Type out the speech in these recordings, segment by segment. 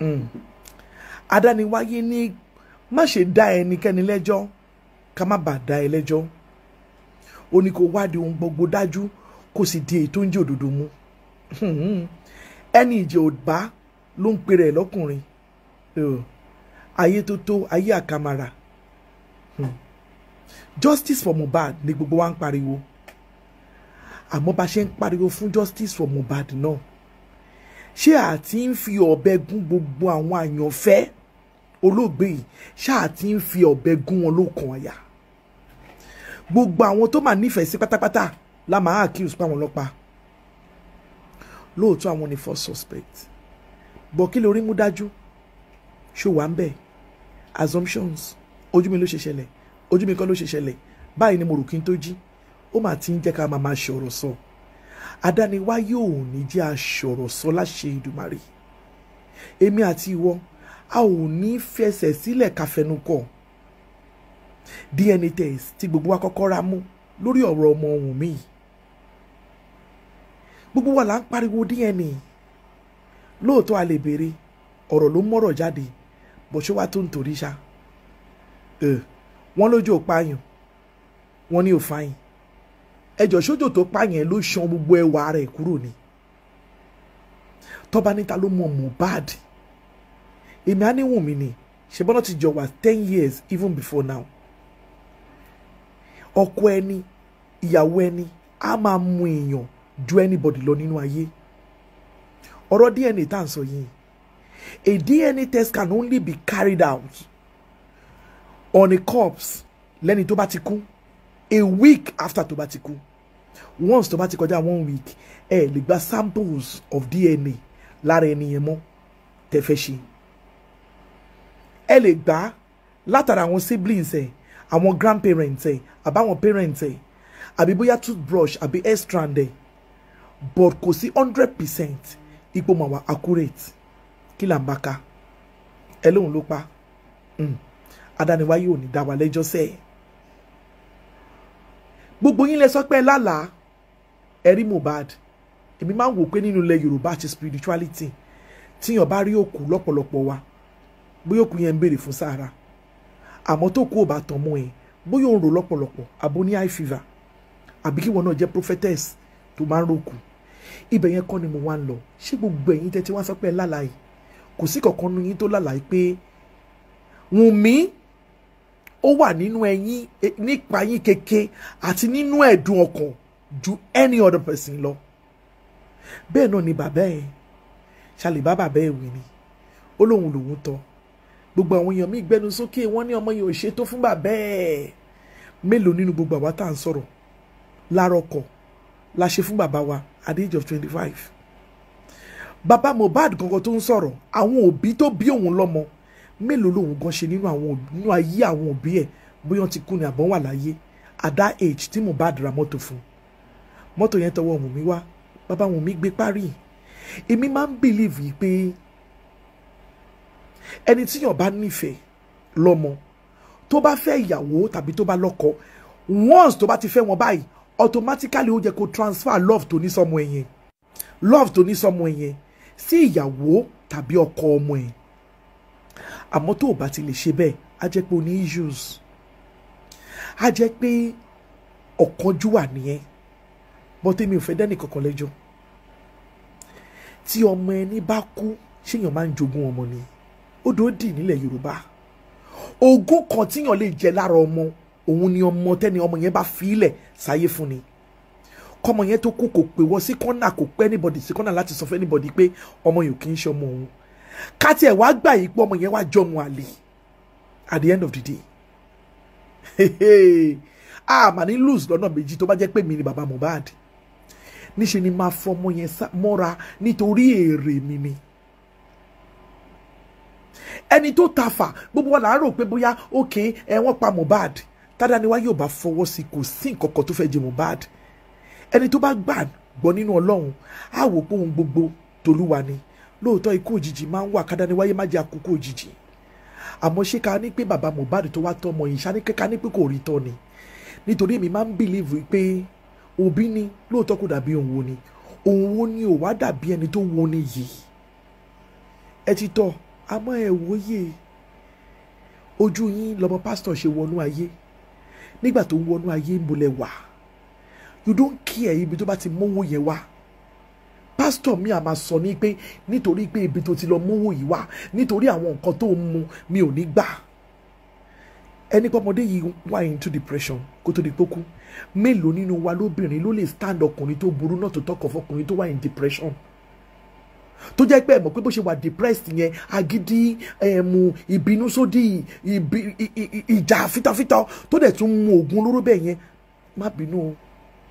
Mm. adániwáyé ní má ṣe dá ẹnikẹ́ni lẹ́jọ́ ká má bàa dá ẹ lẹ́jọ́ ó ní kó wádìí ohun gbogbo dájú kó sì di èyí tó ń jẹ́ òdodo mú ẹni ìjẹ́ òbá ló ń pèrè lọ́kùnrin ayé tó tó ayé àkàmàrà hmm. justice for Mohbad ni gbogbo wa ń pariwo àmọ́ bá ṣe ń pariwo fún justice for Mohbad náà. No ṣé àti ń fi ọ̀bẹ gún gbogbo àwọn àyànfẹ́ olóògbé yìí ṣé àti ń fi ọ̀bẹ gún wọn lókàn àyà gbogbo àwọn tó máa nífẹ̀ẹ́ sí pátápátá la máa accuse pa wọn lọ́pa lóòótọ́ àwọn ni first suspect bọ̀ kí lórí mú dájú ṣó wà ń bẹ̀ assumptions ojú mi ló ṣe ṣẹlẹ̀ ojú mi kọ́ ló ṣe ṣẹlẹ̀ báyìí ni mo rò kí n tó jí ó mà ti ń jẹ́ ká máa máa ṣọ̀rọ̀ sọ. So adániwáyé òun ní jẹ́ aṣọ̀rọ̀ sọ láṣẹ Èdùmàrè èmi àti ìwọ a ò ní fẹsẹ̀ sílẹ̀ káfẹnukọ̀ DNA test tí gbogbo wa kọ́kọ́ ra mú lórí ọ̀rọ̀ ọmọ ọ̀hún mi gbogbo wa là ń pariwo DNA lóòótọ́ a lè béèrè ọ̀rọ̀ ló mọ́rọ̀ jáde bọ̀ṣọ́ wa tó ń torí ṣá wọ́n lójú ò wọ́n ní ò ẹjọ sójò tó pààyàn ló ṣan gbogbo ẹwà rẹ̀ kúrò ni tọ́ba níta ló mọ Mohbad èmi á níwùn mi ni ṣebọ́nà ti jọ wá ten years even before now ọkọ ẹni ìyàwó ẹni á máa mú èèyàn ju anybody lọ nínú ayé ọ̀rọ̀ DNA tá à sọ yìí a DNA test can only be carried out on a corpse lẹ́ni tó bá ti kú a week after tó once tó bá one week ẹ lè gba samples of DNA lára ẹni yẹn mọ́ tẹ́ fẹ́ ṣe ẹ lè gbà á látara àwọn siblings ẹ àwọn grandparents ẹ àbáwọn parents ẹ àbí bóyá toothbrush àbí hair strand ẹ but kò sí hundred percent ipò mà wà accurate kí là ń bá ka ẹ lóun ló pa hmm. adániwáyé ò ní dá wa lẹ́jọ́ sẹ́ẹ̀ gbogbo yín lẹ sọ pé lálàá ẹ̀rí Mohbad èmi máa ń wò pé nínú ilẹ̀ Yorùbá àti spirituality tíyàn bá rí òkú lọ́pọ̀lọpọ̀ wa bóyá òkú yẹn ń béèrè fún sàárà àmọ́ tó kú ò bá tán mú ẹ bóyá òun rò lọ́pọ̀lọpọ̀ àbó ní high fever àbí kí wọn náà jẹ́ prophetess tó máa ń ròkù ibẹ̀ yẹn kọ́ ni mo wá ń lọ ṣé gbogbo ẹ̀yin tẹ́tí wá sọ pé lálàá yìí kò sí kankan nu yín tó lálàá yìí pé Wùnmí ó wà nínú ẹ̀yin e, nípa yín keke àti nínú ẹ̀dùn ọkàn ju any other person lọ bẹ́ẹ̀ náà ni bàbá ẹ̀ ṣàlè bá bàbá ẹ̀ wí ni ó lóun lòun tọ́ gbogbo àwọn èèyàn mi gbẹnu sókè wọ́n ní ọmọ yẹn ò ṣe tó fún bàbá ẹ̀ mélòó nínú gbogbo àwa tá à ń sọ̀rọ̀ lárọkọ̀ la ṣe fún bàbá wa at the age of twenty five bàbá Mohbad gangan tó ń sọ̀rọ̀ àwọn òbí tó bí òun lọ́mọ mélòó lòun gan ṣe nínú àwọn nínú ayé àwọn òbí ẹ̀ bóyá wọ́n ti kú ni àbọ̀n wà láyé at that age tí Mohbad ra mọ́tò fún mọ́tò yẹn tọwọ́ Wùnmí wá bàbá Wùnmí gbé parí èmi máa ń believe yìí pé ẹni tíyàn bá nífẹ̀ẹ́ lọ́mọ tó bá fẹ́ ìyàwó tàbí tó bá lọ́kọ once tó bá ti fẹ́ wọn báyìí automatically ó yẹ kó transfer love tó ní sọmọ ẹ̀yẹn love tó ní sọmọ ẹ̀yẹn sí ìyàwó tàbí ọkọ ọmọ ẹ̀yẹn àmọ́ tó o bá ti lè ṣe bẹ́ẹ̀ á jẹ́ pé o ní issues á jẹ́ pé ọ̀kánjúwà nìyẹn bọ́tẹ́ mi ò fẹ́ dẹ́nì kankan lẹ́jọ́ tí ọmọ ẹni bá kú ṣéèyàn máa ń jogún ọmọ ni odò dì nílẹ̀ Yorùbá ogún kan tíyàn lè jẹ lára ọmọ òun ni ọmọ tẹ́ni ọmọ yẹn bá fílẹ̀ sáyé fún ni kọ́mọ yẹn tó kú kò pè wọ́n sí kọ́nà kò pẹ́ anybody sí kọ́nà láti sọ fún anybody pé ọmọ yòókì ń ṣe ọmọ òun ká tiẹ̀ wá gbà yìí pé ọmọ yẹn wá jọmọ àlè at the end of the day a mà ní lose lọ́nà méjì tó bá jẹ́ pé mi ni bàbá Mohbad níṣe ni máa fọmọ yẹn mọ́ra nítorí èrè mi ni ẹni tó ta fà gbogbo wa làárọ̀ pé bóyá òkè ẹ wọ́n pa Mohbad tádà ni wá yóò bá fọwọ́ sí kò sí nǹkan tó fẹ́ jẹ Mohbad ẹni tó bá gbà gbọ́ nínú Ọlọ́run á wò pé òun gbogbo tolúwa ni lóòótọ́ ikú òjijì máa ń wà kádání wáyé má jẹ́ àkókò òjijì àmọ́ ṣé ká ní pé bàbá Mohbad tó wá tọ́ ọmọ yìí ṣá ní pé ká ní pé kò rí tọ́ ni nítorí èmi máa ń bìlíìfù pé òbí ni lóòótọ́ kò dàbí òun wo ni òun wo ni ò wá dàbí ẹni tó wo ni yìí ẹ ti tọ́ àmọ́ ẹ wòye ojú yín lọmọ pásítọ̀ ṣe wọnú ayé nígbà tó wọnú ayé ń bolẹ̀ wà you don't care ibi tó bá ti mówó yẹn wá pásítọ̀ mi àmà sọ ní pé nítorí pé ibi tó ti lọ mówó yìí wá nítorí àwọn nǹkan tó ń mu mi ò ní gbà ẹni pọ́mọdé yìí wà into depression kó tó di pókú mélòó nínú wa lóbìnrin ló lè stand ọkùnrin tó burú náà tó tọkọ̀ fọkùnrin tó wà in depression tó jẹ́ pé ẹ mọ̀ pé bó ṣe wà depressed yẹn agídí ẹ̀mú ìbínú sódì ìjà fitafita tó dẹ̀ tún mu oògùn olóró bẹ́ẹ̀ yẹn má bínú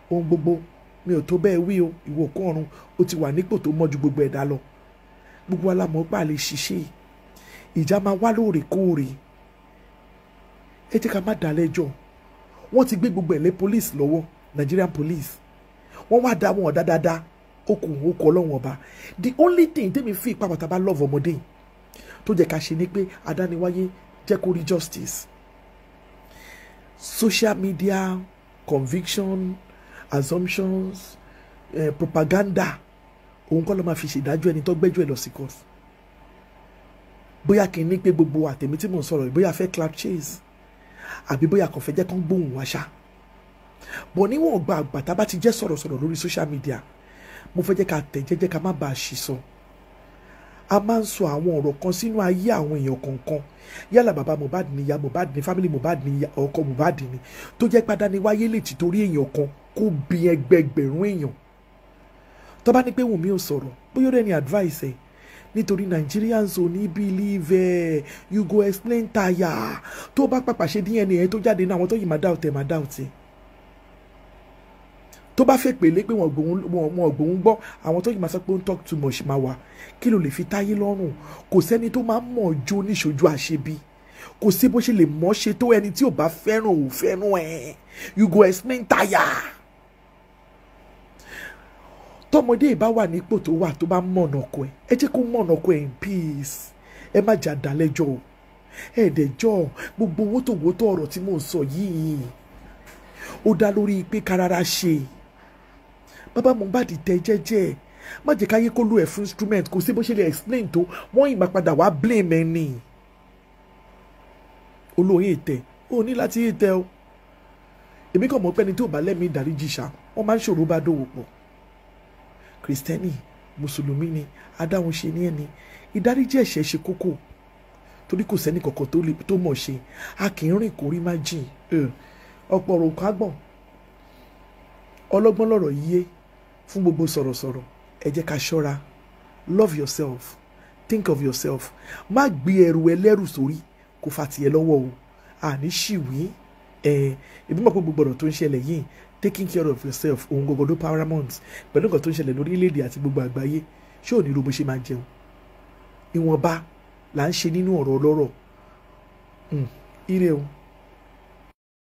ohun gbogbo mi ò tó bẹ́ẹ̀ wí o ìwọ kan ọ̀run o ti wà nípò tó mọ́ ju gbogbo ẹ̀dá lọ gbogbo alámọ̀ gbà lè ṣiṣẹ́ ìjà máa wá lóòrèkóòrè ẹ jẹ́ ká má dá lẹ́jọ́ wọ́n ti gbé gbogbo ẹ̀lẹ́ police lọ́wọ́ Nigerian police wọ́n wá dá wọn ọ̀dá dáadáa okùn okùn ọlọ́run ọba the only thing tẹ́mi fi ipa bàtà bá love ọmọdé tó jẹ́ ká ṣe ni pé adániwáyé jẹ́ kó rí justice social media conviction assumptions eh, propaganda òun kọ́ ló máa fi ṣèdájọ́ ẹni tó gbẹ́jọ́ ẹ lọ sí court bóyá kì í ní pé gbogbo àtẹ̀mí tí mò ń sọ̀rọ̀ bóyá fẹ́ clap chase àbí bóyá kò fẹ́ jẹ́ kán gbóhùn wá ṣá bọ̀ níwọ̀n gba àgbà bá ti jẹ́ sọ̀rọ̀sọ̀rọ̀ lórí social media mo fẹ́ jẹ́ ká tẹ̀ jẹ́jẹ́ ká má bàa ṣì sọ a máa ń sọ àwọn ọ̀rọ̀ kan sínú ayé àwọn èèyàn kọ̀ọ̀kan yálà bàbá Mohbad ni ìyá Mohbad ni family Mohbad ni ọkọ Mohbad ni tó jẹ́ pàdánù wáyé lè ti èèyàn kan kó bí ẹgbẹgbẹ̀rún èèyàn tó bá ní pé Wùnmí ò sọ̀rọ̀ bóyá rẹ̀ ni advice ẹ̀ nítorí Nigerians ò ní believe ẹ̀ you go explain tire tó bá pàpà ṣe DNA ẹ̀ tó jáde ní àwọn tó yìí máa doubt ẹ̀ máa doubt ẹ̀ tó bá fẹ́ pèlé pé wọ́n gbòun gbọ́ àwọn tó yìí máa sọ pé ó ń talk too much máa wà kí ló lè fi táyé lọ́rùn kò sẹ́ni tó máa ń mọ̀ jó níṣojú àṣebí kò sí bó ṣe lè mọ̀ ṣe tó ẹni tí ò bá fẹ́ràn ò fẹ́ràn ẹ̀ you go explain tire tọmọdé ìbá wà nípò tó wà tó bá mọ̀nà ọkọ ẹ ẹ jẹ́ kó mọ̀nà ọkọ ẹ in peace ẹ má jà dálẹ́jọ́ o ẹ dẹjọ́ gbogbo owó tó wó tó ọ̀rọ̀ tí mò ń sọ yìí ó dá lórí pé karara ṣe bàbá Mohbad tẹ jẹ́jẹ́ má jẹ́ káyé kó lo ẹ̀ fún instrument kò sí bó ṣe lè explain tó wọ́n ìgbà padà wá blame ẹ ní olóyin ìtẹ̀ ó ní láti ìtẹ̀ o èmi kàn mọ̀ pé ẹni tí ò bá lẹ́mìí ìdáríjì ṣá wọ́n máa ń ṣòro bá dòwò pọ̀ kristẹni mùsùlùmí ni adáhunṣe ní ẹni ìdáríjì ẹ̀ṣẹ̀ ṣe kókó torí kò sẹ́ni kọ̀ọ̀kan tó mọ̀ ṣe a kì í rìn kó rí má jìn ọ̀pọ̀ ọ̀rọ̀ kan ọlọ́gbọ́n lọ̀rọ̀ yíyé fún gbogbo sọ̀rọ̀sọ̀rọ̀ ẹ jẹ́ ká ṣọ́ra love yourself think of yourself má gbé ẹrù ẹlẹ́rù sórí kó fa tiẹ̀ lọ́wọ́ o àní ṣìwí ẹ̀ ẹ̀bí mọ̀ gbogbo ọ̀rọ̀ tó ń ṣẹlẹ̀ yìí taking care of yourself òun gbogbo ló paramount pẹ̀lú nǹkan tó ń ṣẹlẹ̀ lórílẹ̀‐èdè àti gbogbo àgbáyé ṣé ò ní ro bó ṣe máa jẹun ìwọ̀nba là ń ṣe nínú ọ̀rọ̀ ọlọ́rọ̀ hmm, ire o.